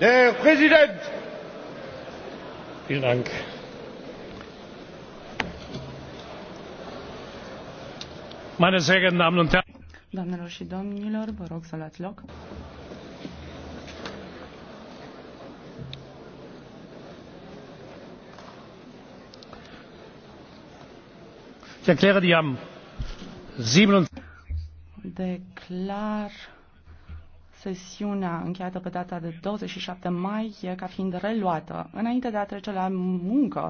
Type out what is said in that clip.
Der Präsident! Vielen Dank. Meine sehr geehrten Damen und Herren! Doamnelor și domnilor, vă rog să luați loc. Ich erkläre die am 7. Declar sesiunea încheiată pe data de 27 mai ca fiind reluată. Înainte de a trece la muncă,